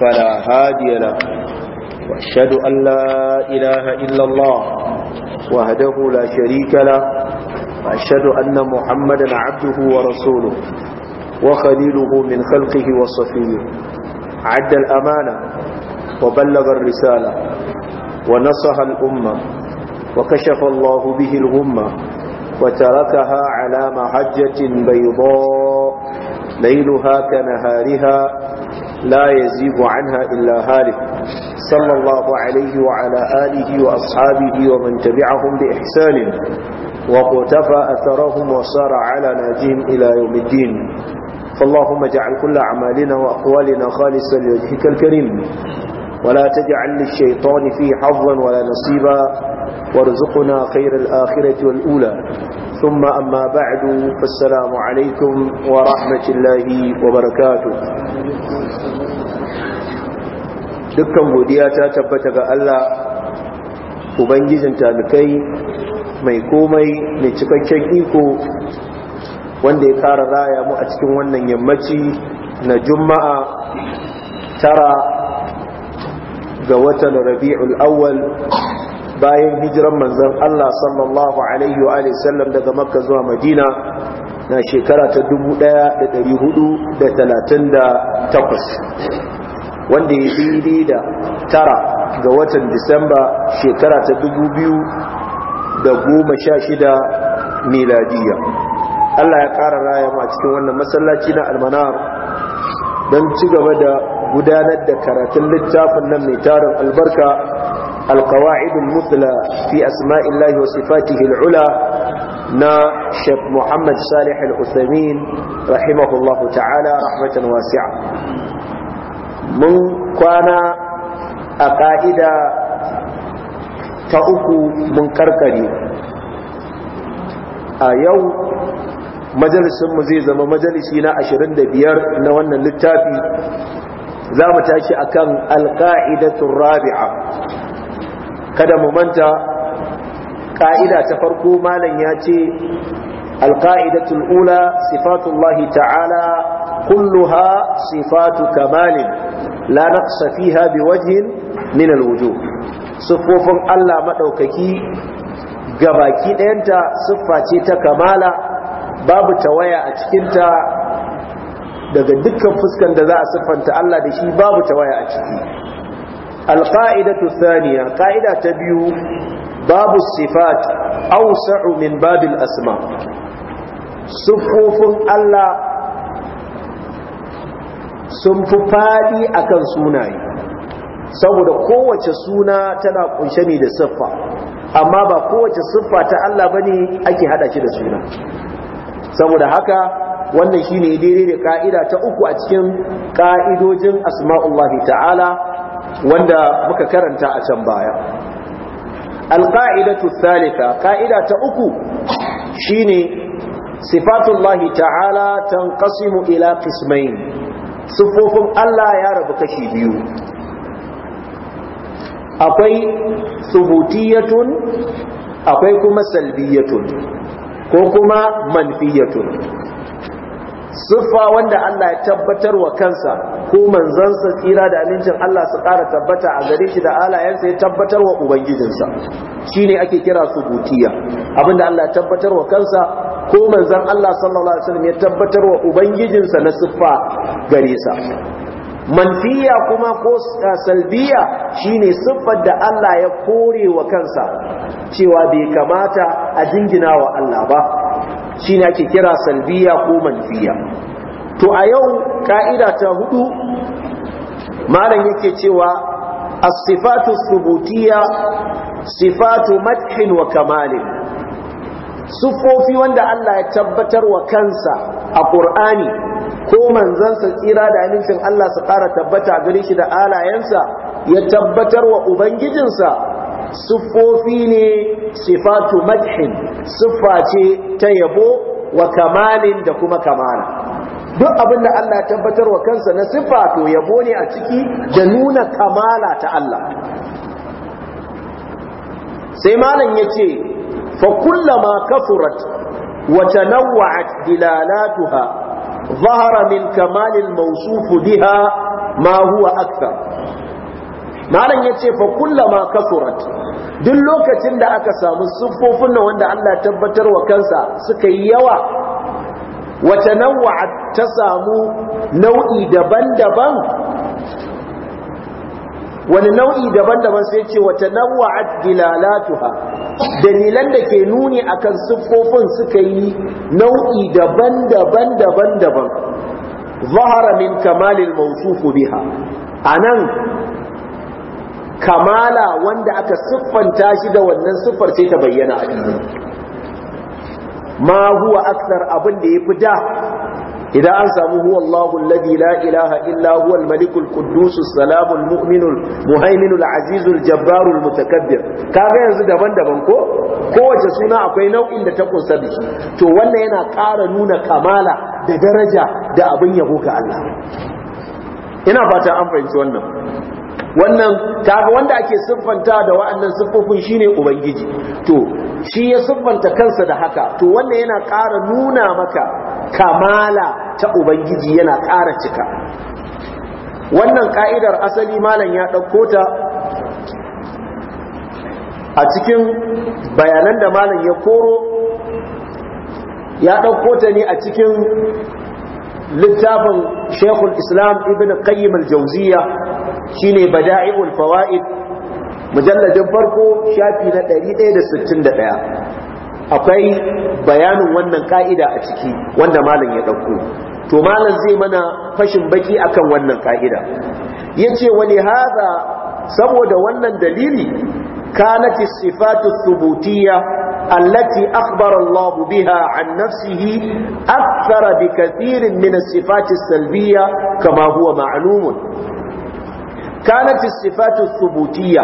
فلا هادي له وأشهد أن لا إله إلا الله وهده لا شريك له وأشهد أن محمدا عبده ورسوله وخليله من خلقه وصفيه عد الأمانة وبلغ الرسالة ونصح الأمة وكشف الله به الغمة وتركها على محجة بيضاء ليلها كنهارها لا يزيغ عنها إلا هالك صلى الله عليه وعلى آله وأصحابه ومن تبعهم بإحسان وقتفى أثرهم وصار على ناجهم إلى يوم الدين فاللهم اجعل كل أعمالنا وأقوالنا خالصا لوجهك الكريم ولا تجعل للشيطان فيه حظا ولا نصيبا وارزقنا خير الآخرة والأولى ثم أما بعد فالسلام عليكم ورحمة الله وبركاته dukkan godiya ta tabbata ga Allah ubangijin talikai mai komai mai cikakken iko wanda ya ƙara raya mu a cikin wannan yammaci na juma'a tara ga watan rabi'ul awwal bayan hijiran manzan Allah sallallahu alaihi wa sallam daga makka zuwa madina na shekara ta 1438 wanda ya daidai da tara ga watan disamba shekara ta 2016 miladiya Allah ya ƙara raya ma cikin wannan masallaci na almanar don ci gaba da gudanar da karatun littafin nan mai tarin albarka القواعد المثلى في أسماء الله وصفاته العلى نا شيخ محمد صالح العثيمين رحمه الله تعالى رحمة واسعة من كان أقائد تأكو من كركري أيو مجلس مزيزة ومجلسنا أشرين بيار نوانا للتافي za mu tashi akan alƙa'idatun rabi'a kada mu manta ka'ida ta farko malam ya ce alka'idatul ula sifatullahi ta'ala kulluha sifatu kamalin la naqsa fiha biwajhin min alwujuh sifofin Allah madaukaki gabaki ɗayanta siffa ce ta kamala babu tawaya a cikinta daga dukkan fuskan da za a siffanta Allah da shi babu tawaya a ciki القائدة الثانية قائدة تبيو باب الصفات أوسع من باب الأسماء صفوف الله sun fi faɗi akan sunaye saboda kowace suna tana kunshe ne da siffa amma ba kowace siffa ta Allah bane ake hada shi da suna saboda haka wannan shine daidai da ka'ida ta uku a cikin ka'idojin asma'ullahi ta'ala wanda muka karanta a can baya alqa'idatu thalitha qa'ida ta uku shine sifatullahi ta'ala tanqasimu ila qismayn sifofin Allah ya rabu kashi biyu akwai subutiyatun akwai kuma salbiyatun ko kuma manfiyatun siffa wanda Allah ya tabbatar wa kansa ko manzansa tsira da amincin Allah su ƙara tabbata a gare shi da alayensa ya tabbatar wa ubangijinsa shine ake kira su butiya abinda Allah ya tabbatar wa kansa ko manzan Allah sallallahu alaihi wasallam ya tabbatar wa ubangijinsa na siffa gare sa manfiya kuma ko eh, salbiya shine siffar da Allah ya kore wa kansa cewa bai kamata a jingina wa Allah ba shine ake kira salbiya ko manfiya to a yau ka'ida ta hudu malam yake cewa as-sifatu thubutiyya sifatu matkin wa kamalin sufofi wanda Allah ya tabbatar wa kansa a Qur'ani ko manzansa tsira da amincin Allah su ƙara tabbata gare shi da alayensa ya tabbatar wa ubangijinsa siffofi ne sifatu madhin siffa ce ta yabo wa kamalin da kuma kamala duk abin da Allah tabbatar wa kansa na siffa to yabo ne a ciki da nuna kamala ta Allah sai malam yace fa kullama kafurat wa tanawwa'at dilalatuha ظهر min kamalin الموصوف biha ما هو أكثر malam ya ce fa kullama kasurat duk lokacin da aka samu siffofin nan wanda Allah tabbatar wa kansa suka yi yawa wata nawa'at ta samu nau'i daban-daban wani nau'i daban-daban sai ce wata nawa'at dilalatuha dalilan da ke nuni akan siffofin suka yi nau'i daban-daban daban-daban zahara min kamalil mawsuf biha anan kamala wanda aka siffanta shi da wannan siffar sai ta bayyana a cikin ma huwa akthar abin da yafi da idan an samu huwa Allahu alladhi la ilaha illa huwa al-malikul quddus as-salamu muminul muhaiminul azizul jabbarul mutakabbir kaga yanzu daban-daban ko kowace suna akwai nau'in da ta kunsa da shi to wannan yana ƙara nuna kamala da daraja da abin yabo ga Allah ina fata an fahimci wannan wannan kaga wanda ake siffanta da wa'annan siffofin shine ubangiji to shi ya siffanta kansa da haka to wannan yana ƙara nuna maka kamala ta ubangiji yana ƙara cika wannan ka'idar asali malam ya ɗauko ta a cikin bayanan da malam ya koro ya ɗauko ta ne a cikin littafin shekul islam ibn qayyim al jawziya shine bada'i'ul fawaid mujalladin farko shafi na 161 akwai bayanin wannan ka'ida a ciki wanda malam ya ɗauko, to malam zai mana fashin baki akan wannan ka'ida yace wani haza saboda wannan dalili kanati sifatu thubutiyya allati akhbara Allah biha an nafsihi akthar bi kathirin min as-sifat as-salbiyya kama huwa ma'lum kanat sifatu thubutiyya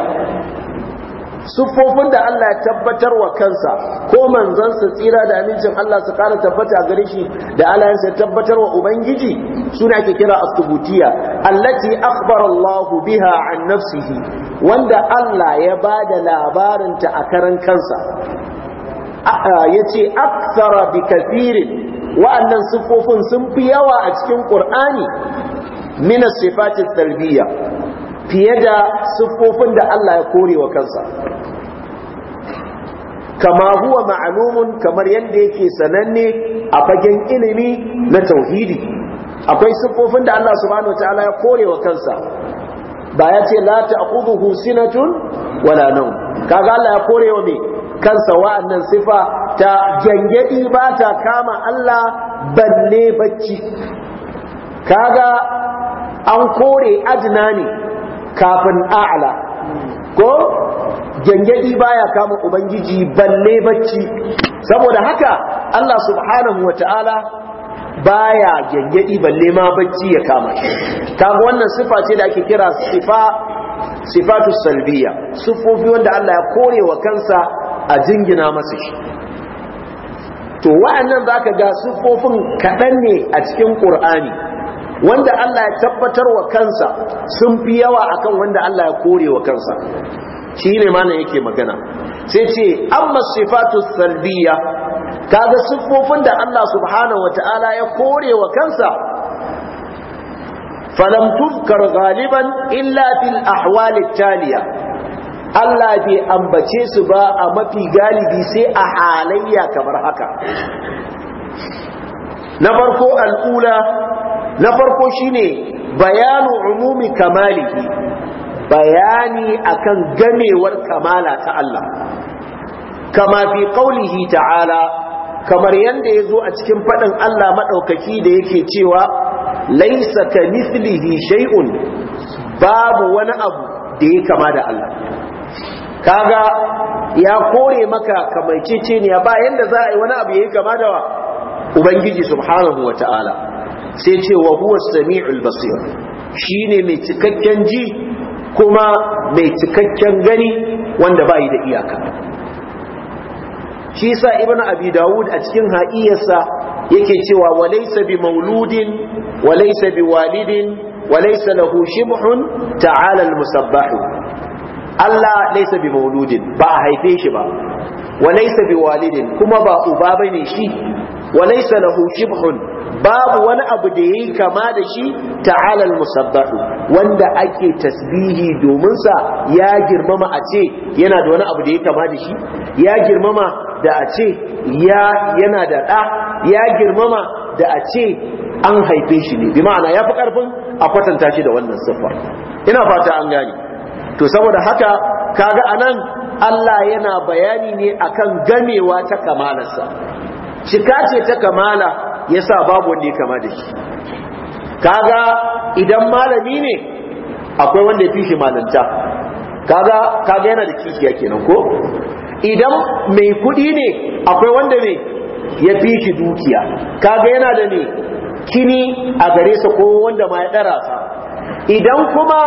siffofin da Allah ya tabbatar wa kansa ko manzansa tsira da amincin Allah su kara tabbata gare shi da alayansa ya tabbatar wa Ubangiji suna ke kira astubutiya allati akhbara Allah biha an nafsihi wanda Allah ya ba da labarinta a karan kansa ya ce bi kafirin wa'annan siffofin sun fi yawa a cikin Qur'ani min sifatit talbiyya fiye da siffofin da Allah ya kore wa kansa kama huwa ma'alumun kamar yadda yake sananne a fagen ilimi na tauhidi akwai siffofin da Allah subhanahu wataala ya kore wa kansa ba ya ce la ta'khudhuhu sinatun wala nawm kaga Allah ya kore wa me kansa wa'annan sifa ta gangadi ba ta kama Allah balle bacci kaga an kore ajnani kafin a'ala ko gangadi baya kama ubangiji balle bacci saboda haka Allah subhanahu wataala baya gangadi balle ma bacci ya kama shi kaga wannan sifa ce da ake kira sifa sifatu salbiya sufofi wanda Allah ya kore wa kansa a jingina masa shi to wa'annan zaka ga sifofin kaɗan ne a cikin Qur'ani wanda Allah ya tabbatar wa kansa sun fi yawa akan wanda Allah ya kore wa kansa shine mana yake magana sai ce amma sifatu salbiya kaga siffofin da Allah subhanahu wataala ya kore wa kansa falam tuzkar galiban illa fil ahwal taliya Allah bai ambace su ba a mafi galibi sai a halayya kamar haka na farko al'ula na farko shine bayanu umumi kamalihi bayani akan gamewar kamala ta Allah kama fi qaulihi ta'ala kamar yanda yazo a cikin fadin Allah madaukaki da yake cewa laisa kamithlihi shay'un babu wani abu da ya kama da Allah kaga ya kore maka kamar ne ba yanda za a yi wani abu ya yi kama da wa ubangiji subhanahu wa ta'ala sai ce wa huwa sami'ul basir shine mai cikakken ji kuma mai cikakken gani wanda bai da iyaka shi sa ibn abi dawud a cikin ha'iyarsa yake cewa wa laysa bi mauludin wa bi walidin wa lahu shibhun ta'ala al-musabbah Allah laysa bi mauludin ba haife shi ba wa bi walidin kuma ba uba bane shi wa laysa lahu shibhun babu wani abu da yayi kama da shi ta'ala musabbahu wanda ake tasbihi domin sa ya girmama a ce yana da wani abu da yayi kama da shi ya girmama da a ce yana da da ya girmama da a ce an haife shi ne bi ya fi karfin a kwatanta shi da wannan siffa ina fata an gane to saboda haka kaga anan Allah yana bayani ne akan gamewa ta kamalarsa cika ce ta kamala sa babu wanda ya kama da shi kaga idan malami ne akwai wanda ya fi shi malanta kaga kaga yana da kishiya kenan ko idan mai kuɗi ne akwai wanda ne ya fi shi dukiya kaga yana da ne kini a gare sa ko wanda ma ya ɗara sa idan kuma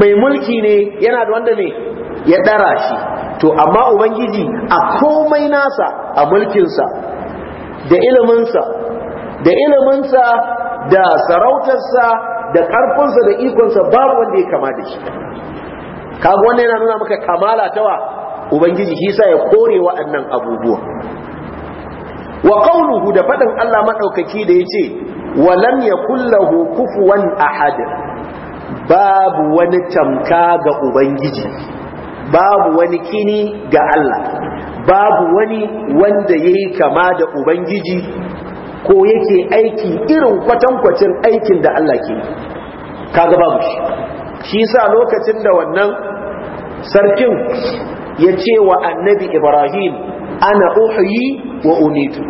mai mulki ne yana da wanda ne ya ɗara shi to amma ubangiji a komai nasa a mulkinsa da iliminsa da iliminsa da sarautarsa da ƙarfinsa da ikonsa babu wanda ya kama da shi kaga wannan yana nuna maka kamala tawa ubangiji shi sa ya kore waɗannan abubuwa wa qawluhu da faɗin Allah madaukaki da yace wa lam yakul lahu kufuwan ahad babu wani tamka ga ubangiji babu wani kini ga Allah babu wani wanda ya yi kama da ubangiji ko yake aiki irin kwatankwacin aikin da Allah ke kaga babu shi shi sa lokacin da wannan sarkin ya ce wa annabi ibrahim ana uhuyi wa unitu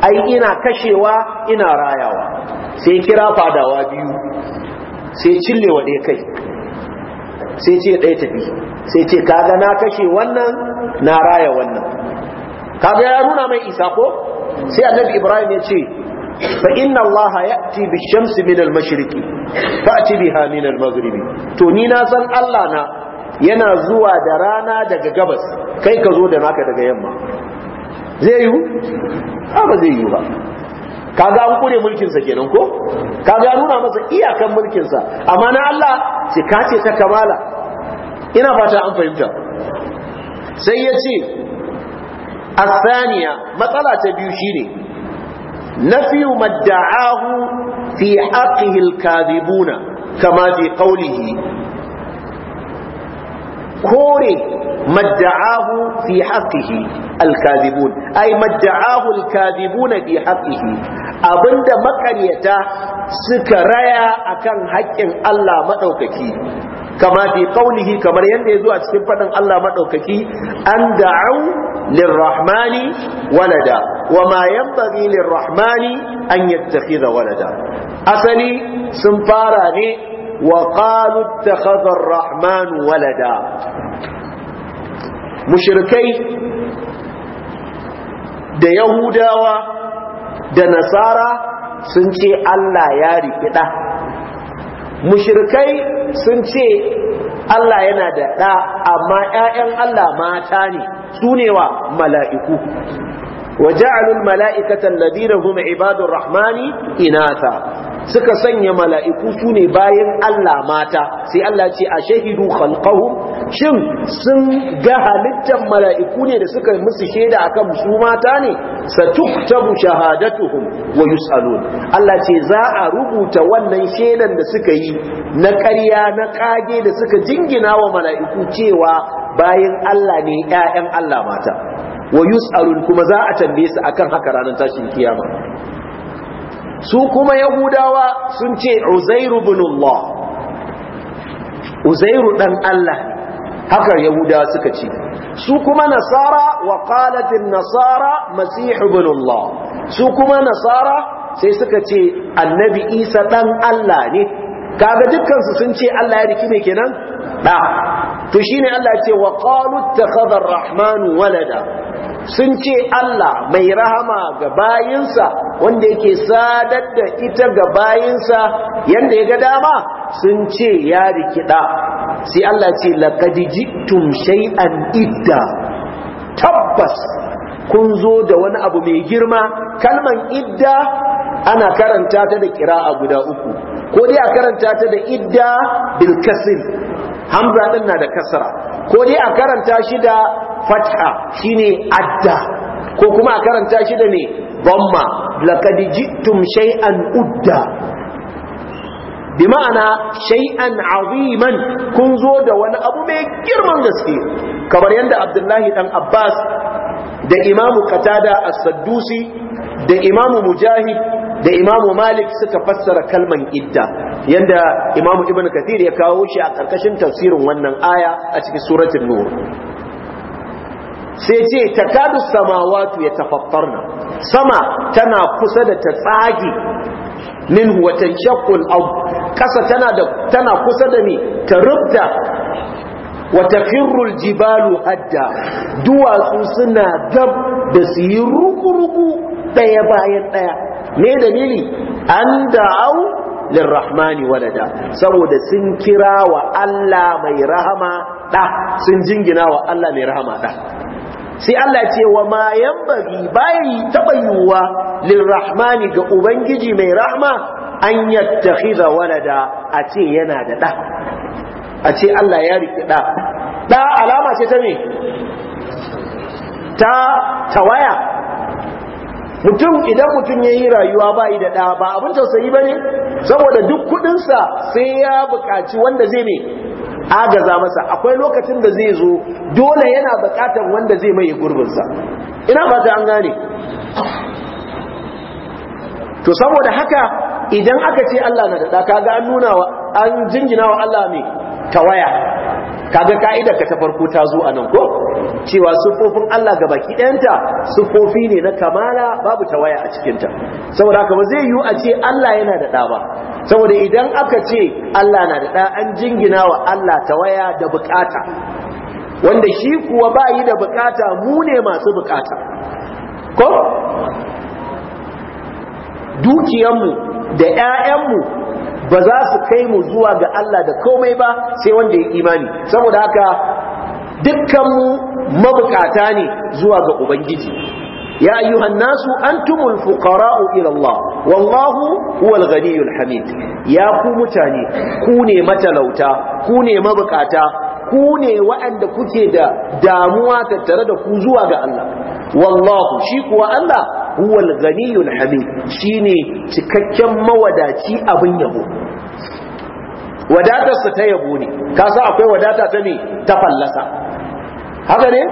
ai ina kashewa ina rayawa sai kira fadawa biyu sai cillewa ɗaya kai sai ce ɗaya tafi sai ce kaga na kashe wannan na raya wannan kaga ya nuna mai isa ko sai annabi ibrahim ya ce fa inna allaha ya'ti bi shamsi min al mashriqi fa'ti biha min al maghribi to ni na san allah na yana zuwa da rana daga gabas kai ka zo da naka daga yamma zai yiwu ba zai yiwu ba kaga an kure mulkinsa kenan ko kaga ya nuna masa iyakan mulkinsa amma na Allah cika ce ta kamala ina fata an fahimta sai ya ce asaniya matsala ta biyu shine nafiyu madda'ahu fi haqqihi al-kadhibuna kama fi qawlihi kore madda'ahu fi haqqihi al ay madda'ahu al fi haqqihi abinda maƙaryata suka raya akan haƙƙin Allah madaukaki kama fi qawlihi kamar yanda yazo a cikin fadin Allah madaukaki an da'u lirrahmani walada wama yanbaghi lirrahmani an yattakhidha walada asali sun fara ne وقالوا اتخذ الرحمن ولدا مشركي da yahudawa da nasara sun ce Allah ya riƙi ɗa mushirkai sun ce Allah yana da ɗa amma ‘ya'yan Allah mata ne sune wa mala'iku wa ja'alul mala'ikatan ladina hum ibadur rahmani inata suka sanya mala'iku su ne bayan Allah mata sai Allah ce a shahidu khalqahum shin sun ga halittar mala'iku ne da suka musu shaida akan su mata ne satuktabu shahadatuhum wa yus'alun Allah ce za a rubuta wannan shaidan da suka yi na ƙarya na kage da suka jingina wa mala'iku cewa bayan Allah ne 'ya'yan Allah mata wa yus'alun kuma za a tambaye su akan haka ranar tashin kiyama su kuma yahudawa sun ce uzairu binullah uzairu dan Allah haka yahudawa suka ce su kuma nasara wa qalatin nasara masihu binullah su kuma nasara sai suka ce annabi isa dan Allah ne kaga dukkansu sun ce Allah ya riki ne kenan da to shine Allah ya ce wa qalu ittakhadha ar-rahmanu walada sun ce Allah mai rahama ga bayinsa wanda yake sadar da ita ga bayinsa yanda ya ga dama sun ce ya rikida sai Allah ce laqad jittum shay'an idda tabbas kun zo da wani abu mai girma kalman idda ana karanta ta da a guda uku ko dai a karanta ta da idda bil hamza din na da kasra ko dai a karanta shi da fatha shine adda ko kuma a karanta shi da ne bamma laqad jittum shay'an udda Bima'ana ma'ana shay'an aziman kun zo da wani abu mai girman gaske kamar yadda Abdullahi dan Abbas da imamu Qatada a saddusi da imamu Mujahid da imamu malik suka fassara kalman idda yanda imamu ibn kathir ya kawo shi a karkashin tafsirin wannan aya a cikin suratul nur sai ce takadu samawatu ya tafaffarna. sama tana kusa da ta tsage min watan tanshaqqu abu kasa tana kusa da ni ta rubda wata firul jibalu hadda duwatsu suna gab da su yi ruku daya bayan daya me dalili an da'au lirrahmani walada saboda sun kira wa Allah mai rahama da sun jingina wa Allah mai rahama da sai Allah ce wa ma yambagi bai taɓa yiwuwa lirrahmani ga ubangiji mai rahma an yattakhidha walada a ce yana da da a ce Allah ya rike da da alama ce ta me ta tawaya mutum idan mutum ya yi rayuwa ba da ɗa ba abin tausayi ba ne saboda duk kudinsa sai ya buƙaci wanda zai ne agaza masa akwai lokacin da zai zo dole yana bukatar wanda zai mai gurbinsa ina ta an gane to saboda haka idan aka ce Allah na da ɗa kaga an nuna wa an jingina wa Allah ne tawaya kaga ka'idar ka ta farko ta zo anan ko cewa sufofin Allah ga baki ɗayanta sufofi ne na kamala babu tawaya a cikin ta saboda haka ba zai yiwu a ce Allah yana da ɗa ba saboda idan aka ce Allah na da ɗa an jingina wa Allah tawaya da bukata wanda shi kuwa ba yi da bukata mu ne masu bukata ko dukiyanmu da 'ya'yanmu ba za su kai mu zuwa ga Allah da komai ba sai wanda ya imani saboda haka dukkan mu mabukata ne zuwa ga ubangiji ya ayyuhan nasu antumul fuqara'u ila Allah wallahu huwal ghaniyyul hamid ya ku mutane ku ne matalauta ku ne mabukata ku ne waɗanda kuke da damuwa tattare da ku zuwa ga Allah wallahu shi kuwa Allah huwal ganiyul hamid shine cikakken mawadaci abin yabo wadatarsa ta yabo ne ka san akwai wadata ta me ta fallasa haka ne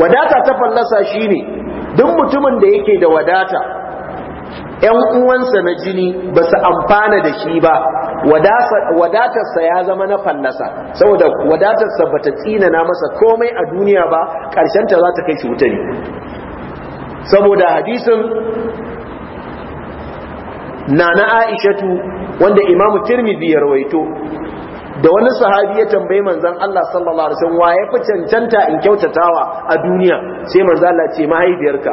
wadata ta fallasa shine duk mutumin da yake da wadata ‘yan uwansa na jini ba su amfana da shi ba wadatarsa ya zama na fallasa saboda wadatarsa ba ta tsinana masa komai a duniya ba ta za ta kai shi wuta ne saboda hadisin na na aishatu wanda imamu tirmidhi ya rawaito da wani sahabi ya tambayi manzon Allah sallallahu alaihi wasallam wa ya fi cancanta in kyautatawa a duniya sai manzon Allah ce mahaifiyarka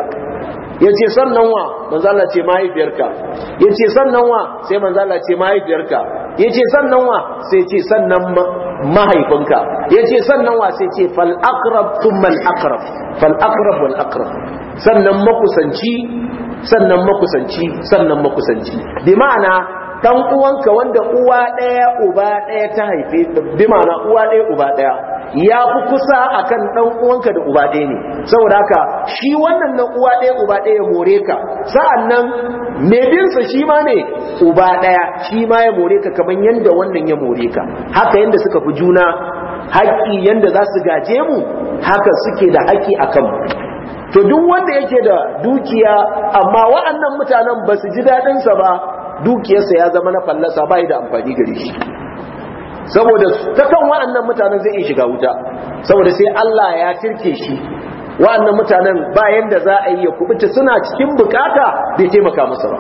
yace sannan wa manzon Allah ce mahaifiyarka yace sannan wa sai manzon Allah ce mahaifiyarka yace sannan wa sai ce sannan mahaifinka yace sannan wa sai ce fal aqrab thumma al aqrab fal aqrab wal aqrab sannan makusanci sannan makusanci sannan makusanci bi ma'ana dan uwanka wanda uwa ɗaya uba ɗaya ta haife bi ma'ana uwa ɗaya uba ɗaya ya fi kusa akan dan uwanka da uba ɗaya ne saboda haka shi wannan na uwa ɗaya uba ɗaya ya more ka sa'annan me binsa shi ma ne uba ɗaya shi ma ya more ka kamar yanda wannan ya more ka haka yanda suka fi juna haƙƙi yanda za su gaje mu haka suke da haƙƙi akan mu to duk wanda yake da dukiya amma wa'annan mutanen ba su ji daɗinsa ba dukiyarsa ya zama na fallasa ba da amfani gare shi saboda ta kan wa'annan mutanen zai iya shiga wuta saboda sai Allah ya cirke shi wa'annan mutanen bayan da za a yi ya kubuta suna cikin bukata bai taimaka masa ba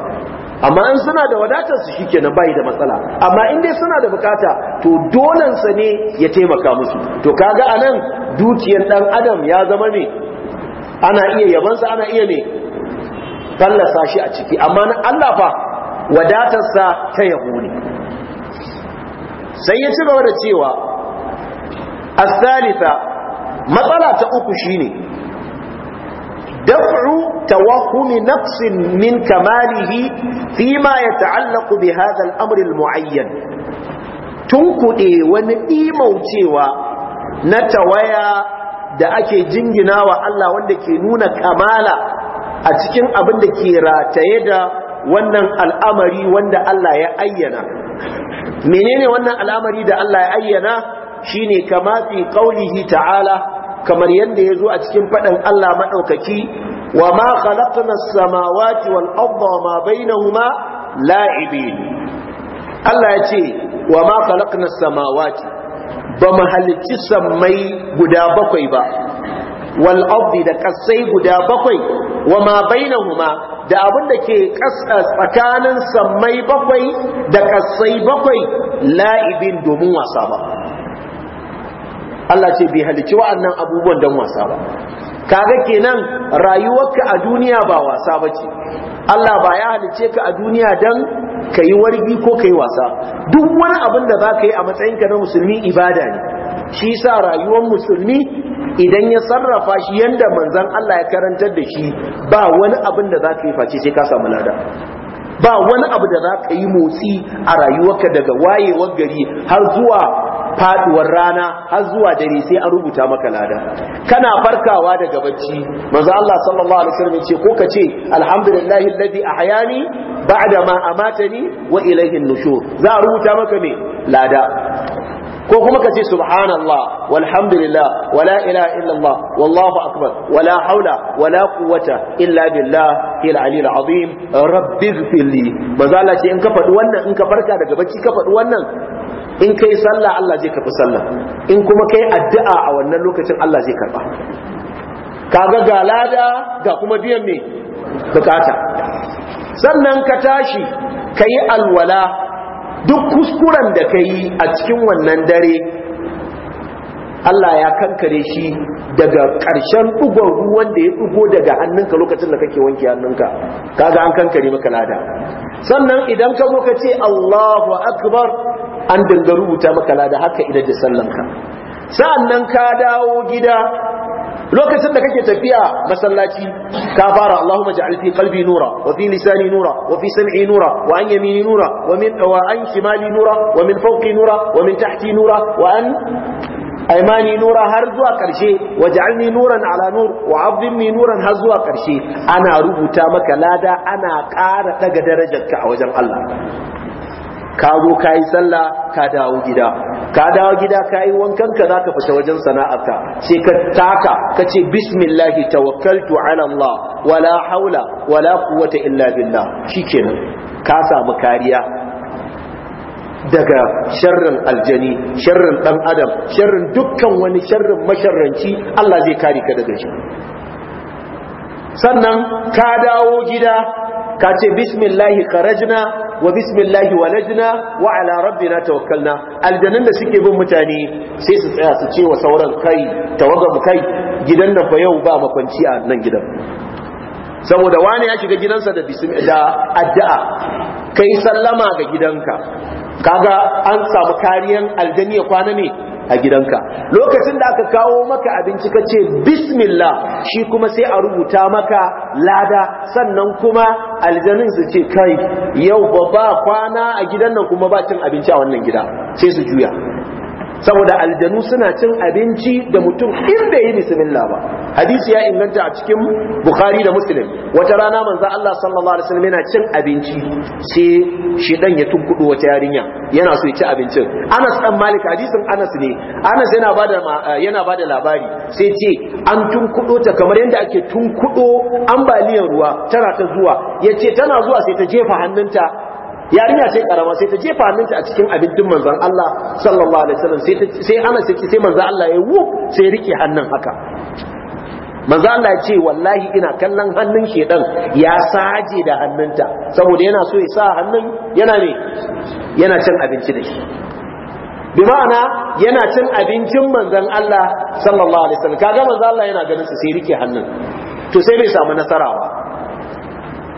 amma in suna da wadatar su shi kenan bai da matsala amma in dai suna da bukata to dolan ne ya taimaka musu to kaga anan dukiyar dan adam ya zama ne ana iya yabansa ana iya ne fallasa shi a ciki amma na Allah fa wadatarsa ta yabo sai ya ci gaba da cewa as-salisa matsala ta uku shine daf'u tawahumi nafsin min kamalihi fima yata'allaqu bi hadha al-amr al-mu'ayyan tunkude wani imaucewa na tawaya da ake jingina wa Allah wanda ke nuna kamala a cikin abin da ke rataye da wannan al'amari wanda Allah ya ayyana menene wannan al'amari da Allah ya ayyana shine kama fi qaulihi ta'ala kamar yadda ya zo a cikin fadan Allah madaukaki wa ma khalaqna as-samawati wal arda wa ma bainahuma la'ibin Allah ya ce wa ma khalaqna as-samawati ba mu halicci sammai guda bakwai ba wal ardi da kasai guda bakwai wa ma bainahuma da abin da ke kasa tsakanin sammai bakwai da kasai bakwai la'ibin domin wasa ba Allah ce bai halicci wa'annan abubuwan don wasa ba kaga kenan rayuwarka a duniya ba wasa bace Allah ba ya halice ka a duniya dan ka yi wargi ko ka wasa duk wani abin da za ka yi a matsayinka na musulmi ibada ne shi sa rayuwar musulmi idan ya sarrafa shi yadda manzan Allah ya karantar da shi ba wani abin da za ka yi face sai ka samu lada ba wani abu da za ka yi motsi a rayuwarka daga wayewar gari har zuwa faduwar rana har zuwa dare sai an rubuta maka lada kana farkawa daga bacci manzo Allah sallallahu alaihi wasallam ce ko ka ce alhamdulillahi alladhi ahyani ba'da ma amatani wa ilayhi an-nushur za a rubuta maka me lada ko kuma ka ce subhanallah walhamdulillah wala ilaha illallah wallahu akbar wala haula wala quwwata illa billah il alil azim rabbighfirli manzo Allah ce in ka faɗi wannan in ka farka daga bacci ka faɗi wannan in ka yi sallah Allah zai karɓi sallah in kuma ka yi addu'a a wannan lokacin Allah zai karɓa kaga ga lada ga kuma biyan mai bukata sannan ka tashi ka yi alwala duk kuskuren da ka yi a cikin wannan dare Allah ya kankare shi daga ƙarshen ɗugon ruwan da ya ɗugo daga hannunka lokacin da kake wanke hannunka kaga an kankare maka lada sannan idan ka zo ka ce Allahu akbar an dinga rubuta maka lada haka idan da sallanka sa'annan ka dawo gida lokacin da kake tafiya masallaci ka fara Allahumma ja'al fi qalbi nura wa fi lisani nura wa fi sam'i nura wa an yamini nura wa min wa an shimali nura wa min fawqi nura wa min tahti nura wa an aimani nura har zuwa karshe waj'alni nuran ala nur wa 'azzimni nuran har zuwa karshe ana rubuta maka lada ana ƙara daga darajarka a wajen Allah ka go ka yi sallah ka dawo gida ka dawo gida ka yi wankan ka zaka fita wajen sana'arka sai ka taka ka ce bismillah tawakkaltu ala Allah wala haula wala quwwata illa billah shikenan ka samu kariya daga sharrin aljani sharrin dan adam sharrin dukkan wani sharrin masharranci Allah zai kare ka daga shi sannan ka dawo gida ka ce bismillahi kharajna wa bismillahi walajna wa ala rabbina tawakkalna aljannan da suke bin mutane sai su tsaya su ce wa sauran kai tawaga kai gidan nan fa yau ba makwanci a nan gidan saboda wani ya shiga gidansa da da addu'a kai sallama ga gidanka kaga an samu kariyan aljani ya kwana ne a gidanka lokacin da aka kawo maka abinci ka ce bismillah shi kuma sai a rubuta maka lada sannan kuma aljanin su ce kai yau ba ba kwana a gidan nan kuma ba cin abinci a wannan gida sai su juya saboda aljanu suna cin abinci da mutum in bai yi bismillah ba hadisi ya inganta a cikin bukhari da muslim wata rana manzo Allah sallallahu alaihi wasallam yana cin abinci sai shi dan ya tunkudu wata yarinya yana so ya ci abincin Anas dan Malik hadisin Anas ne Anas yana bada yana bada labari sai ce an tunkudo ta kamar yadda ake tunkudo ambaliyar ruwa tana ta zuwa yace tana zuwa sai ta jefa hannunta yarinya sai karama sai ta jefa hannunta a cikin abincin manzon Allah sallallahu alaihi wasallam sai sai ana sai sai manzon Allah ya wu sai rike hannun haka manzon Allah ya ce wallahi ina kallon hannun shedan ya saje da hannunta saboda yana so ya sa hannun yana ne yana cin abinci da shi bi ma'ana yana cin abincin manzon Allah sallallahu alaihi wasallam kaga manzon Allah yana ganin sa sai rike hannun to sai bai samu nasara ba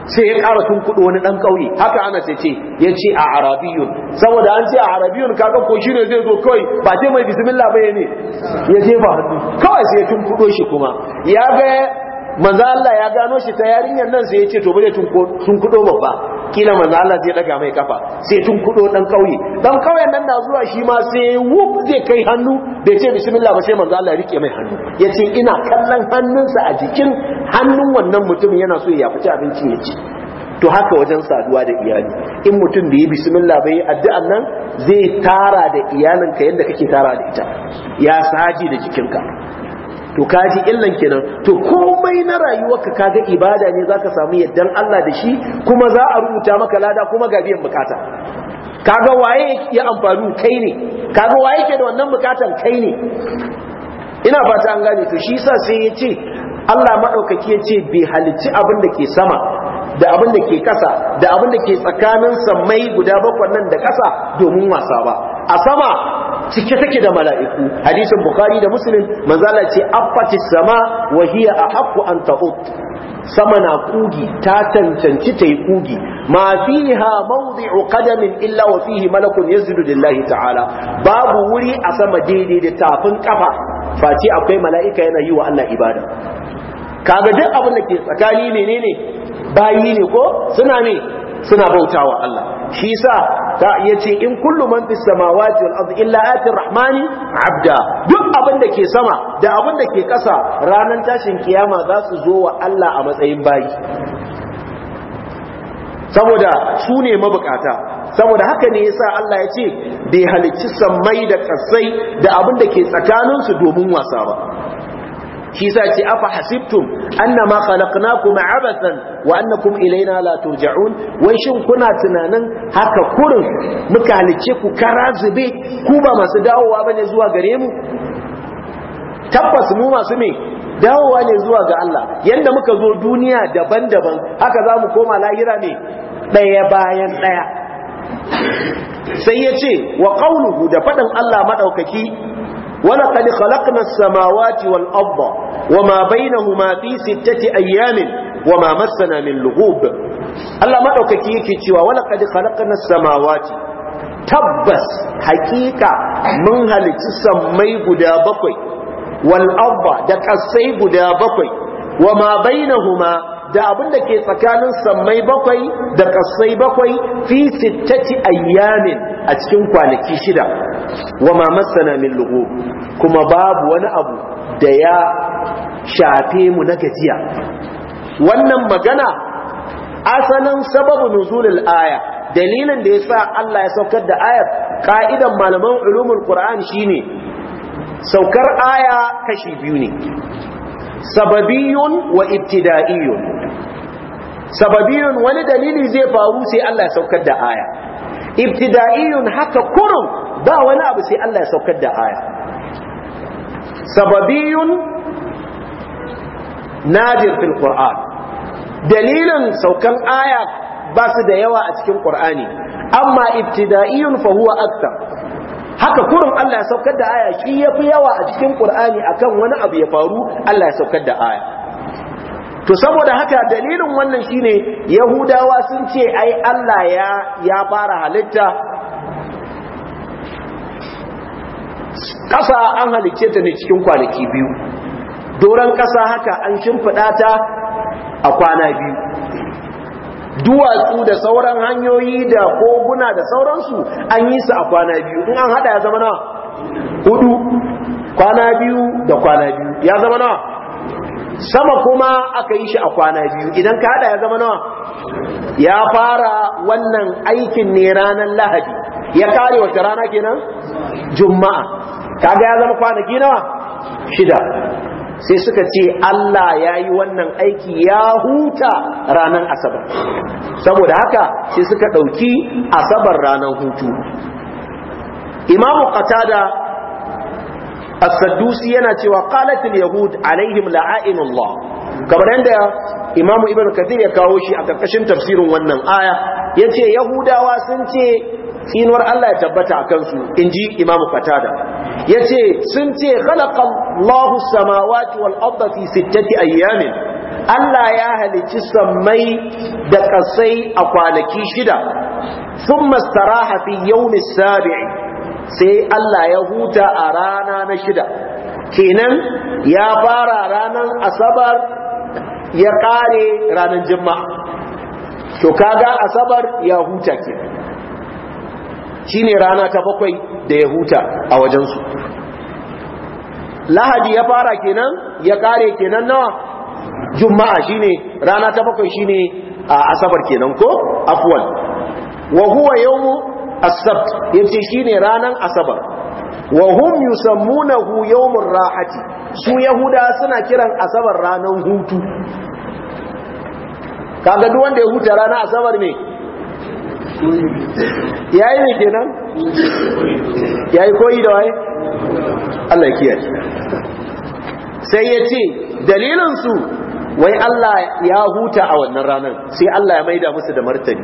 sai ya ƙara tun kudu wani ɗan ƙauye haka ana sai ce ya ce a arabiyun saboda an ce a arabiyun kaga ko shi ne zai zo kawai ba ce mai bismillah ba ne ya jefa hannu kawai sai ya tun shi kuma ya ga manzo Allah ya gano shi ta yarinyar nan sai ya ce to bari tun kuɗo babba kila manzo Allah zai daga mai kafa sai tun kudo dan kauye dan kauyen nan na zuwa shi ma sai wuf zai kai hannu bai ce bismillah ba sai manzo Allah ya rike mai hannu yace ina kallon hannunsa a jikin hannun wannan mutumin yana so ya fice abinci ya ci to haka wajen saduwa da iyali in mutum bai yi bismillah bai addu'a nan zai tara da iyalinka yadda kake tara da ita ya saji da jikinka to kaji illan kenan to komai na rayuwarka kaga ibada ne zaka samu yaddan Allah da shi kuma za a rubuta maka lada kuma ga biyan bukata kaga waye ya amfanu kai ne kaga waye ke da wannan bukatan kai ne ina fata an gane to shi yasa sai ya ce Allah madaukaki ya ce bai halicci abin da ke sama da abin da ke kasa da abin da ke tsakanin sammai guda bakwai nan da kasa domin wasa ba a sama cike take da mala'iku hadisin bukhari da muslim manzala ce affati sama wa a ahqqu an ta'ut sama na kugi ta cancanci ta yi kugi ma fiha mawdi'u qadamin illa wa fihi malakun yazdu lillahi ta'ala babu wuri a sama daidai da tafin kafa face akwai mala'ika yana yi wa Allah ibada kaga duk abin da ke tsakani menene bayi ne ko suna ne suna bautawa Allah shi yasa ka yace in kullu man fis samawati wal ardi illa ati rahmani abda duk abin da ke sama da abin da ke kasa ranan tashin kiyama za su zo wa Allah a matsayin bayi saboda su ne mabukata saboda haka ne yasa Allah ya ce bai halicci samai da kasai da abin da ke tsakaninsu domin wasa ba shi ce afa hasibtum annama khalaqnakum abathan wa annakum ilaina la turja'un wai shin kuna tunanin haka kurin muka halice ku karazube ku ba masu dawowa bane zuwa gare mu tabbas mu masu me dawowa ne zuwa ga Allah yanda muka zo duniya daban-daban haka za mu koma lahira ne ɗaya bayan ɗaya sai ya ce wa ƙaunuhu da faɗin Allah maɗaukaki wala qad khalaqna as-samawati wal arda wama bainahuma fi sittati ayyamin wama massana min lughub Allah madaukaki yake cewa wala qad khalaqna as-samawati tabbas hakika mun halici sammai guda bakwai wal da ƙasai guda bakwai wama bainahuma da abin da ke tsakanin sammai bakwai da kasai bakwai fi sittati ayyamin a cikin kwanaki shida wa ma masana min lugu kuma babu wani abu da ya shafe mu na gajiya wannan magana asalin sababu nuzulul aya dalilin da yasa Allah ya saukar da ayar ka'idan malaman ulumul qur'an shine saukar aya kashi biyu ne sababiyun wa ibtida'iyun sababiyun wani dalili zai faru sai Allah ya saukar da aya ibtida'iyun haka kurun ba wani abu sai Allah ya saukar da aya sababiyun nadir fil qur'an dalilin saukan aya ba su da yawa a cikin qur'ani amma ibtida'iyun fa huwa akthar haka kurin Allah ya saukar da aya shi yafi yawa a cikin Qur'ani akan wani abu ya faru Allah ya saukar da aya to saboda haka dalilin wannan shine Yahudawa sun ce ai Allah ya ya fara halitta ƙasa an halicce ta ne cikin kwanaki biyu doron ƙasa haka an shimfiɗa ta a kwana biyu duwatsu da sauran hanyoyi da koguna da sauransu an yi su a kwana biyu in an hada ya zama na hudu kwana biyu da kwana biyu ya zama na sama kuma aka yi shi a kwana biyu idan ka hada ya zama na ya fara wannan aikin ne ranar lahadi ya kare wata rana kenan juma'a kaga ya zama kwanaki nawa shida sai suka ce Allah ya yi wannan aiki ya huta ranar asabar saboda haka sai suka ɗauki asabar ranar hutu imamu qatada as-saddusi yana cewa qalatil yahud alaihim la'inullah kamar yadda imamu ibnu kathir ya kawo shi a karkashin tafsirin wannan aya yace yahudawa sun ce tsinuwar Allah ya tabbata a kansu in ji Imamu katada ya ce sun ce halakan lahu samawati wal arda fi sittati ayyamin Allah ya halicci sammai da kasai a kwanaki shida Sun mastara hafi yauni sabi' sai Allah ya huta a rana na shida kenan ya fara ranar asabar ya kare ranar juma'a to kaga asabar ya huta kenan shine rana ta bakwai da ya huta a wajensu lahadi ya fara kenan ya kare kenan nawa juma'a shine rana ta bakwai shine a asabar kenan ko wahuwa wa mu asabt ya ce yace shine ranan asabar wa hu yau mun rahati su yahuda suna kiran asabar ranar hutu kaga duk wanda ya huta ranar asabar ne ya yi ne ya yi koyi da waye Allah kiyaye sai ya ce dalilinsu wai Allah ya huta a wannan ranar sai Allah ya maida musu da martani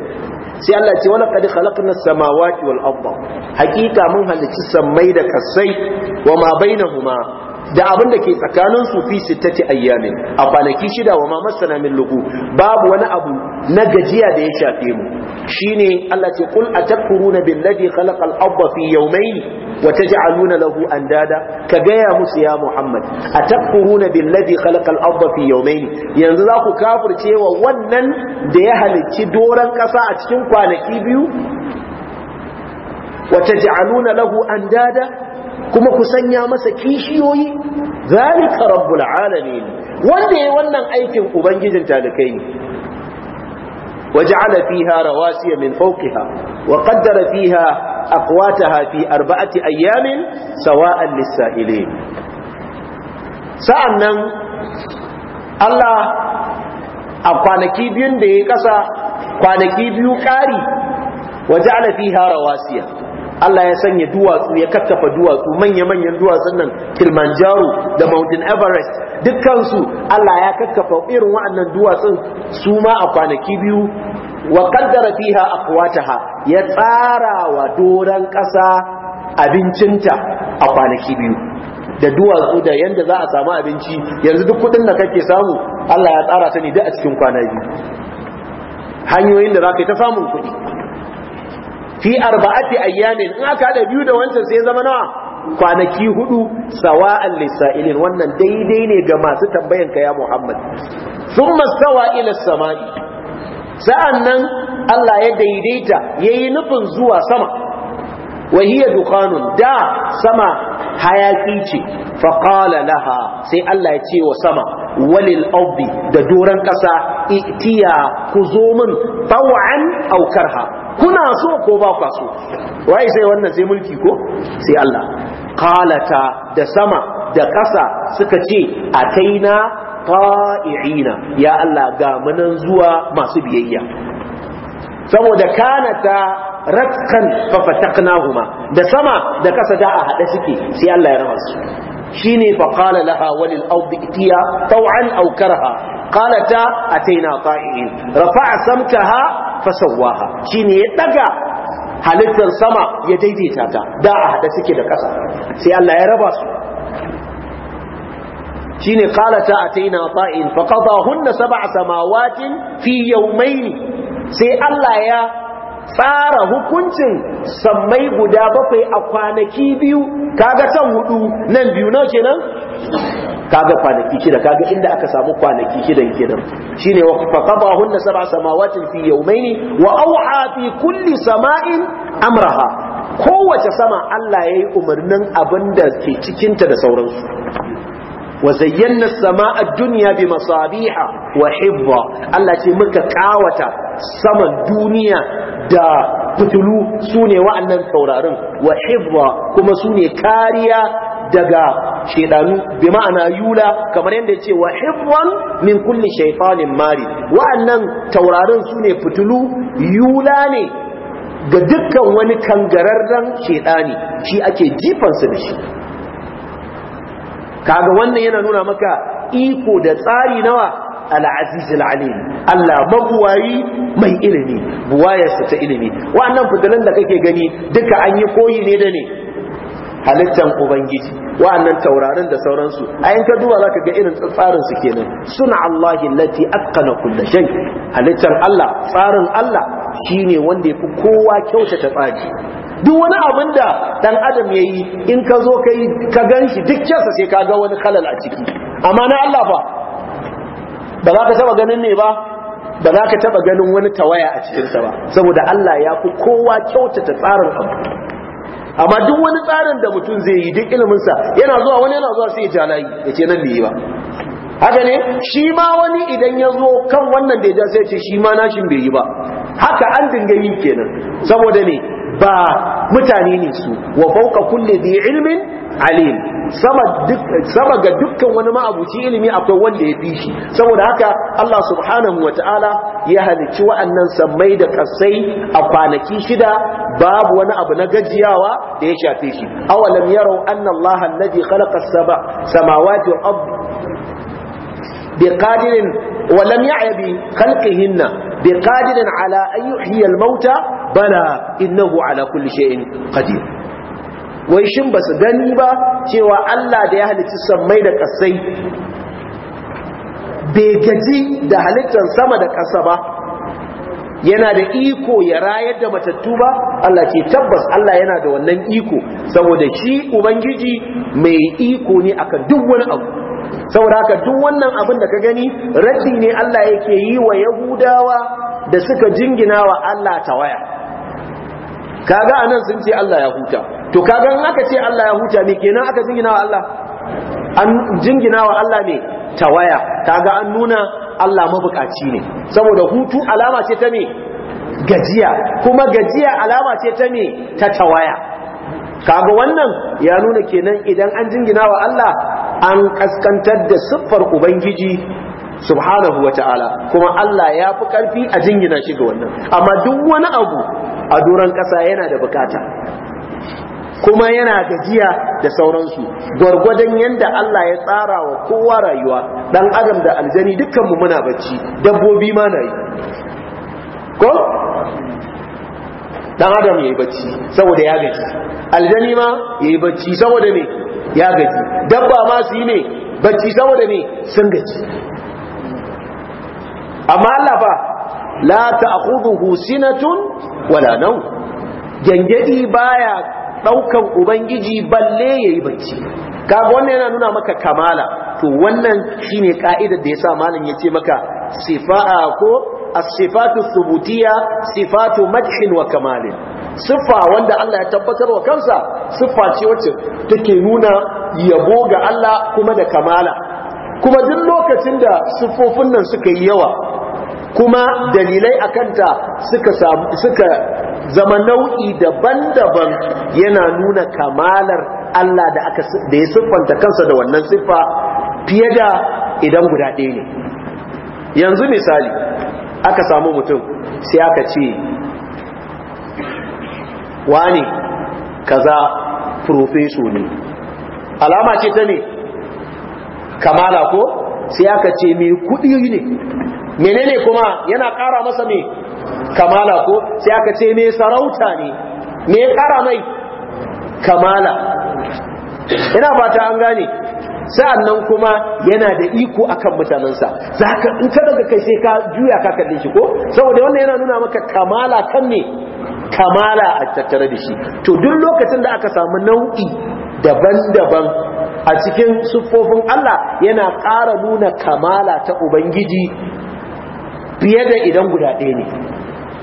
sai Allah ce wala kadi khalaqna na samawati wal arda hakika mun halicci sammai da kasai wa ma huma? da abin da ke tsakanin su fi sittati ayyamin a kwanaki shida wa ma masana min lugu babu wani abu na gajiya da ya shafe mu shine Allah ce kul atakfuruna billadhi khalaqa al fi yawmayn wa taj'aluna lahu andada ka gaya musu ya Muhammad atakfuruna billadhi khalaqa al fi yanzu za ku kafirce wa wannan da ya halicci doran kasa a cikin kwanaki biyu wa taj'aluna lahu andada kuma ku sanya masa kishiyoyi zalika rabbul alamin wanda yayi wannan aikin ubangijin talikai ne waja'ala fiha rawasiya min fawqiha wa qaddara fiha aqwataha fi arba'ati ayamin sawa'an lis-sa'ilin sa'annan Allah a kwanaki biyun da ya kasa kwanaki biyu kari waja'ala fiha rawasiya Allah ya sanya duwatsu ya kakkafa duwatsu manya-manyan duwatsun nan Kilimanjaro da Mountain Everest dukkansu Allah ya kakkafa irin waɗannan duwatsun su ma a kwanaki biyu wa kaddara fiha aqwataha ya tsara wa doran ƙasa abincinta a kwanaki biyu da duwatsu da yanda za a samu abinci yanzu duk kudin da kake samu Allah ya tsara ta ne duk a cikin kwana biyu hanyoyin da za ka ta samun kuɗi fi arba'ati ayyamin in aka hada biyu da wancan sai zama nawa kwanaki hudu sawa'an lisa'ilin wannan daidai ne ga masu tambayan ka ya Muhammad thumma sawa ila samai sa'annan Allah ya daidaita yayi nufin zuwa sama wa hiya dukhanun da sama hayaki ce fa qala laha sai Allah ya ce wa sama walil ardi da doran kasa itiya ku zo min taw'an aw karha kuna so ko ba kwa so wai sai wannan sai mulki ko sai Allah qalata da sama da ƙasa suka ce ataina ta'i'ina ya Allah ga munan zuwa masu biyayya saboda kanata ratkan fataqnahuma da sama da kasa da a haɗe suke sai Allah ya rabasu شيني فقال لها وللأرض اتيا طوعا أو كرها قالتا أتينا طائعين رفع سمكها فسواها شيني يتقى هل ترسم يديدي تاتا داعا هذا سكي لكسا سي الله يرباس شيني قالتا أتينا طائعين فقضاهن سبع سماوات في يومين سي الله يا tsara hukuncin sammai guda bakwai a kwanaki biyu kaga can hudu nan biyu nan? kenan kaga kwanaki shida kaga inda aka samu kwanaki shidan kenan shine wa faqadahunna sab'a samawatin fi yawmayn wa a fi kulli sama'in amraha kowace sama Allah yayi umarnin abinda ke cikinta da sauransu wa zayyana samaa ad-dunya bi masabiha wa hibba Allah ce muka kawata saman duniya da fitulu su ne wa'annan taurarin wa hifza kuma su ne kariya daga shaidanu bi ma'ana yula kamar yadda ce wa hifzan min kulli shaifanin mari wa'annan taurarin su ne fitulu yula ne ga dukkan wani kangararren shaidani shi ake jifansu da shi kaga wannan yana nuna maka iko da tsari nawa al’azizil alim Allah mabuwayi mai ilimi buwayarsa ta ilimi wa'annan fitilan da kake gani duka an yi koyi ne da ne Halittar ubangiji wa'annan taurarin da sauransu a yanka ka za ka ga irin tsarin su kenan suna Allah lati na kulle shay Halittar Allah tsarin Allah shine wanda yafi kowa kyauta ta tsari duk wani abin da dan adam yayi in ka zo kai ka ganshi duk kansa sai ka ga wani khalal a ciki amma na Allah fa ba za ka taba ganin ne ba ba za ka taba ganin wani tawaya a cikinsa ba saboda Allah ya fi kowa kyautata tsarin abu amma duk wani tsarin da mutum zai yi duk iliminsa yana zuwa wani yana zuwa sai ya ja layi ya ce nan bai ba haka ne shi ma wani idan ya zo kan wannan da ya ja ya ce shi ma nashin bai yi ba haka an dinga yi kenan saboda ne ba mutane ne su wa fauka kulli dhi ilmin alim sama duk sama ga dukkan wani ma'abuci ilimi akwai wanda ya fi shi saboda haka Allah subhanahu wataala ya halicci wa'annan sammai da kasai a kwanaki shida babu wani abu na gajiyawa da ya shafe shi awalam yarau anna Allah alladhi khalaqa as-samawati wal بقادر ولم يعي بخلقهن بقادر على أن يحيي الموتى بلى إنه على كل شيء قدير wai shin ba su gani ba cewa Allah da ya halitta sammai da ƙasai bai gaji da halittar sama da ƙasa ba yana da iko ya rayar da matattu ba Allah ce tabbas Allah yana da wannan iko saboda shi ubangiji mai iko ne akan duk wani abu saboda haka duk wannan abin da ka gani raddi ne Allah yake yi wa yahudawa da suka jingina wa Allah tawaya kaga anan sun ce Allah ya huta to kaga in aka ce Allah ya huta me kenan aka jingina wa Allah an jingina wa Allah ne tawaya kaga an nuna Allah mabukaci ne saboda hutu alama ce ta me gajiya kuma gajiya alama ce ta me ta tawaya kaga wannan ya nuna kenan idan an jingina wa Allah an kaskantar da siffar ubangiji subhanahu wata'ala kuma Allah ya fi karfi a jingina shi ga wannan amma duk wani abu a doron ƙasa yana da bukata kuma yana gajiya da sauransu gwargwadon yadda Allah ya tsara wa kowa rayuwa dan adam da aljani dukkanmu muna bacci dabbobi ma na yi ko dan adam ya yi bacci saboda ya gaji aljani ma ya yi bacci saboda ne ya gaji dabba ma su yi ne bacci da ne sun gaji amma Allah ba la ta'khudhuhu sinatun wala nawm gangadi baya daukan ubangiji balle yayi bacci kaga wannan yana nuna maka kamala to wannan shine ka'idar da yasa malam ce maka sifa'a ko A sifatu thubutiyya sifatu madhin wa kamalin siffa wanda Allah ya tabbatar wa kansa siffa ce wacce take nuna yabo ga Allah kuma da kamala kuma duk lokacin da sifofin nan suka yi yawa kuma dalilai akanta suka suka zama nau'i daban-daban yana nuna kamalar Allah da da ya siffanta kansa da wannan siffa fiye da idan guda ɗaya ne yanzu misali aka samu mutum sai aka ce wani kaza profeso ne alama ce ta ne kamala ko sai aka ce mai kuɗi ne menene kuma yana ƙara masa mai kamala ko sai aka ce mai sarauta ne me ƙara mai kamala ina ba ta an gane sa'annan kuma yana da iko akan mutanensa zaka in ka daga kai sai ka juya ka kalli shi ko saboda wannan yana nuna maka kamala kan ne kamala a tattare da shi to duk lokacin da aka samu nau'i daban-daban a cikin siffofin Allah yana ƙara nuna kamala ta Ubangiji fiye da idan guda ɗaya ne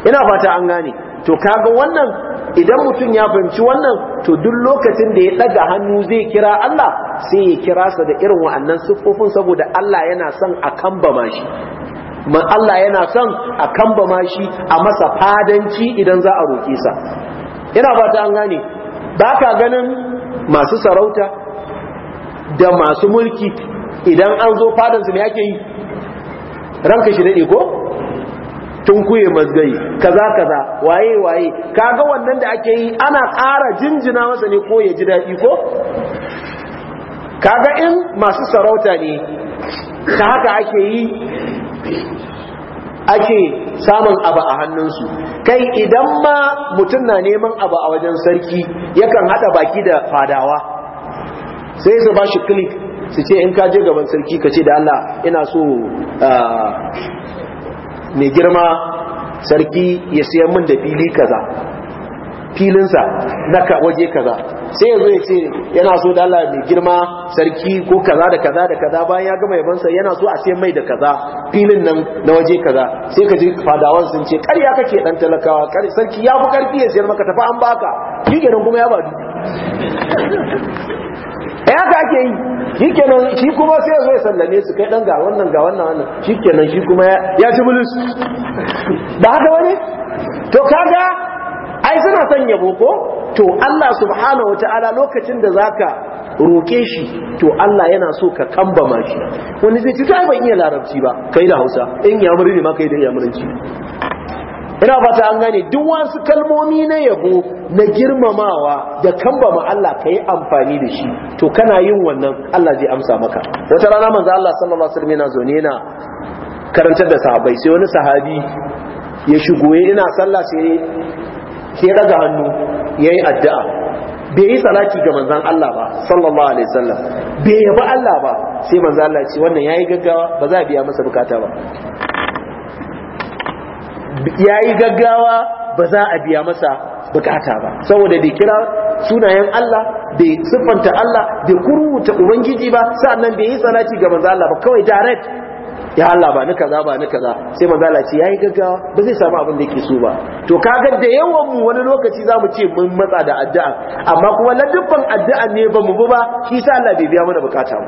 ina fata an gane to kaga wannan idan mutum ya fahimci wannan to duk lokacin da ya daga hannu zai kira Allah sai ya kira sa da irin wa'annan siffofin saboda Allah yana son a kambama shi man Allah yana son a kambama shi a masa fadanci idan za a roƙe sa ina ba ta an gane ba ka ganin masu sarauta da masu mulki idan an zo fadansu me yake yi ranka shi dade ko tunkuye mazgai kaza kaza waye waye kaga wannan da ake yi ana ƙara jinjina masa ne ko ya ji daɗi ko kaga in masu sarauta ne ta haka ake yi ake samun abu a hannunsu kai idan ma mutum na neman abu a wajen sarki yakan haɗa baki da fadawa sai su ba shi klik su ce in kaje gaban sarki ka ce da Allah ina so ah, mai girma sarki ya siyan min da fili kaza filinsa na waje kaza sai yanzu ya ce yana so da Allah mai girma sarki ko kaza da kaza da kaza bayan ya gama yabansa yana so a siyan mai da kaza filin nan na waje kaza sai ka ji fadawan sun ce ya kake dan talakawa sarki ya fi karfi ya sayar maka tafi an baka shi kenan kuma ya badu ai eh, haka ake yi kenan shi kuma sai ya zo ya sallame su kai dan ga wannan ga wannan wannan kenan shi kuma ya ci bulus Da haka wani? to kaga ai suna son yabo ko to Allah subhanahu wataala lokacin da zaka roke shi to Allah yana so ka kamba ma shi wani zai ci ta ban iya larabci ba kai da Hausa in ya murni ma kai da ya murni ina fata an gane duk wasu kalmomi na yabo na girmamawa da kambama Allah ka yi amfani da shi to kana yin wannan Allah zai amsa maka wata rana manzo Allah sallallahu alaihi wasallam yana zaune yana karantar da sahabbai sai wani sahabi ya shigo ina sallah sai sai daga hannu yayi addu'a bai yi salati ga manzon Allah ba sallallahu alaihi wasallam bai yabi Allah ba sai manzo Allah ya ce wannan yayi gaggawa ba za a biya masa bukata ba Ya yi gaggawa ba za a biya masa bukata ba saboda da kira sunayen Allah da siffanta Allah da kurwuta ubangiji ba sannan bai yi salati ga manzo Allah ba kawai direct ya Allah ba ni kaza ba ni kaza sai manzo Allah ce yayi gaggawa ba zai samu abin da yake so ba to kaga da yawan mu wani lokaci zamu ce mun matsa da addu'a amma kuma ladabban addu'a ne ba mu ba shi sa Allah bai biya mana bukata ba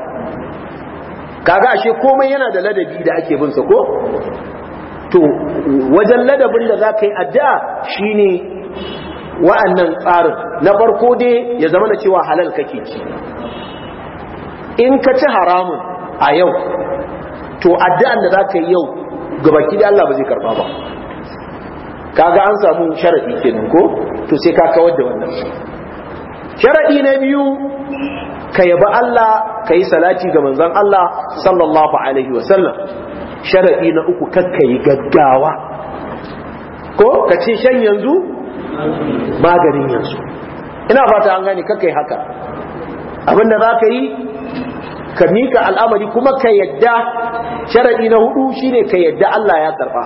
kaga ashe komai yana da ladabi da ake bin sa ko to wajen ladabin da za ka yi addu'a shine wa'annan tsarin na farko dai ya zama na cewa halal kake ci in ka ci haramun a yau to addu'an da za ka yi yau gabaki da Allah ba zai karba ba kaga an samu sharadi kenan ko to sai ka kawar da wannan sharadi na biyu ka yaba Allah ka yi salati ga manzon Allah sallallahu alaihi wasallam sharaɗi na uku kakka gaggawa ko ka ce shan yanzu maganin yanzu ina fata an gane kakka yi haka abinda za ka yi ka mika al'amari kuma ka yadda sharaɗi na hudu shine ka yadda Allah ya karɓa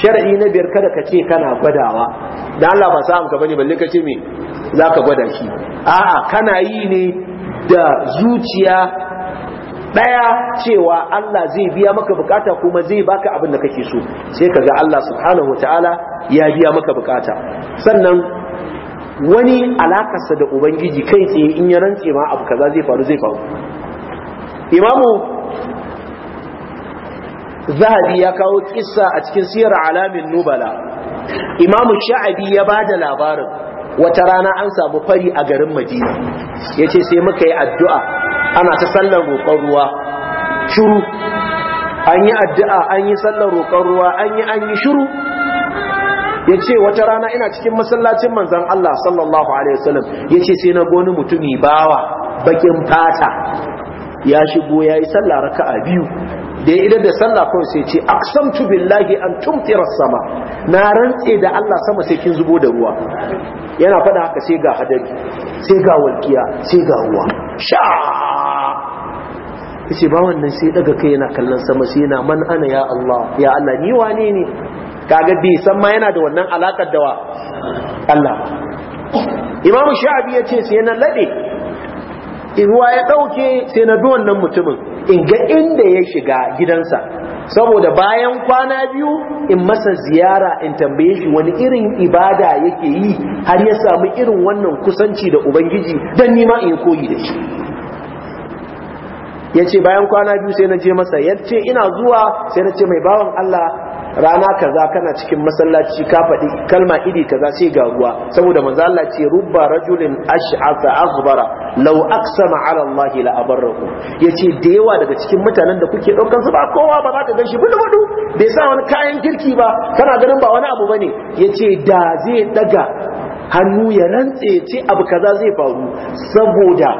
sharaɗi na biyar kada ka ce kana gwadawa da Allah ba sa amka bane balle ka ce me za ka gwada shi a'a kana yi ne da zuciya daya cewa Allah zai biya maka bukata kuma zai baka abin da kake so sai kaga Allah subhanahu wataala ya biya maka bukata sannan wani alakarsa da ubangiji kai tsaye in ya rantse ma abu kaza zai faru zai faru imamu zahabi ya kawo kissa a cikin siyar alamin nubala imamu sha'abi ya ba da labarin wata rana an samu fari a garin madina ya ce sai muka yi addu'a ana ta sallar roƙon ruwa shuru an yi addu'a an yi sallar roƙon ruwa an yi an yi shuru ya ce wata rana ina cikin masallacin manzan Allah sallallahu Alaihi wasallam ya ce sai na goni mutumi bawa bakin fata ya shigo ya yi ka a biyu da ya idar da sallah kawai sai ce aksamtu billahi an tumtira sama na rantse da Allah sama sai kin zubo da ruwa yana faɗa haka sai ga hadari sai ga walkiya sai ga ruwa sha yace ba wannan sai daga kai yana kallon sama sai yana man ana ya Allah ya Allah ni wane ne kaga bi san ma yana da wannan alakar da wa Allah Imam ya yace sai na lade in ruwa ya dauke sai na bi wannan mutumin in ga inda ya shiga gidansa saboda bayan kwana biyu in masa ziyara in tambaye shi wani irin ibada yake yi har ya samu irin wannan kusanci da ubangiji don nima in koyi da shi Yace bayan kwana biyu sai na je masa yace ina zuwa sai na ce mai bawan Allah rana kaza kana cikin masallaci ka faɗi kalma iri kaza sai ga ruwa saboda manzo Allah ce rubba rajulin ash'atha akhbara law aqsama ala Allah la abarrahu yace da yawa daga cikin mutanen da kuke daukan su ba kowa ba za ka ganshi budu budu bai sa wani kayan girki ba kana ganin ba wani abu bane yace da zai daga hannu ya rantse ce abu kaza zai faru saboda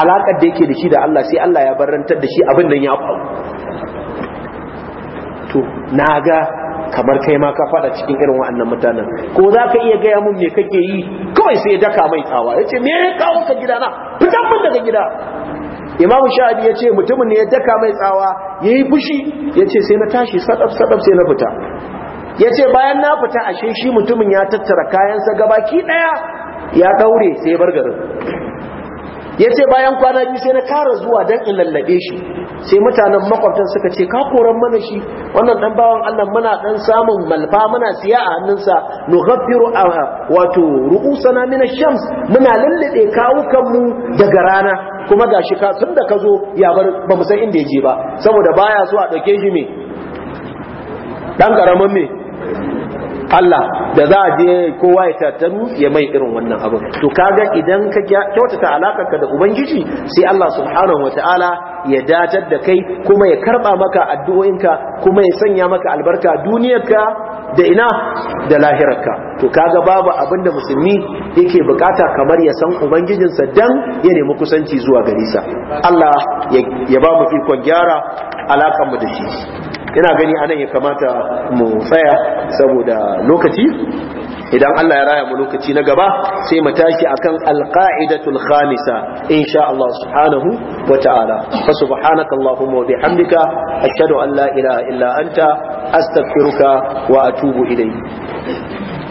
alakar da yake da shi da Allah sai Allah ya barantar da shi abin nan ya faru to na ga kamar kai ma ka fada cikin irin wa'annan mutanen ko za ka iya gaya mun me kake yi kawai sai ya daka mai tsawa ya ce me ya kawo ka na fitan mun daga gida imam sha'adi ya ce mutumin ne ya daka mai tsawa ya yi fushi ya ce sai na tashi sadaf-sadaf sai na fita ya ce bayan na fita ashe shi mutumin ya tattara kayansa gabaki daya ya daure sai bar garin ya ce bayan kwana biyu sai na kara zuwa don in lallabe shi sai mutanen makwabtan suka ce ka koran mana shi wannan dan bawan Allah muna dan samun malfa muna siya a hannunsa nughaffiru wato ru'usana min shams muna lallabe kawukan mu daga rana kuma gashi ka tunda ka zo ya bar ba mu san inda je ba saboda baya so a dauke shi me dan ƙaramin me Allah da za a je kowa ya tattaru ya mai irin wannan abu to kaga idan ka kyautata ka da ubangiji sai Allah subhanahu wataala ya datar da kai kuma ya karba maka addu'o'inka kuma ya sanya maka albarka duniyarka da ina da lahirarka to kaga babu abin da musulmi yake bukata kamar ya san ubangijinsa dan ya nemi kusanci zuwa garisa Allah ya ba mu ikon gyara alakan mu da shi ina gani anan ya kamata mu tsaya saboda lokaci idan Allah ya raya mu lokaci na gaba sai mu tashi akan alqaidatul khamisa insha Allah subhanahu wa ta'ala fa subhanaka allahumma wa bihamdika ashhadu an la ilaha illa anta astaghfiruka wa atubu ilayk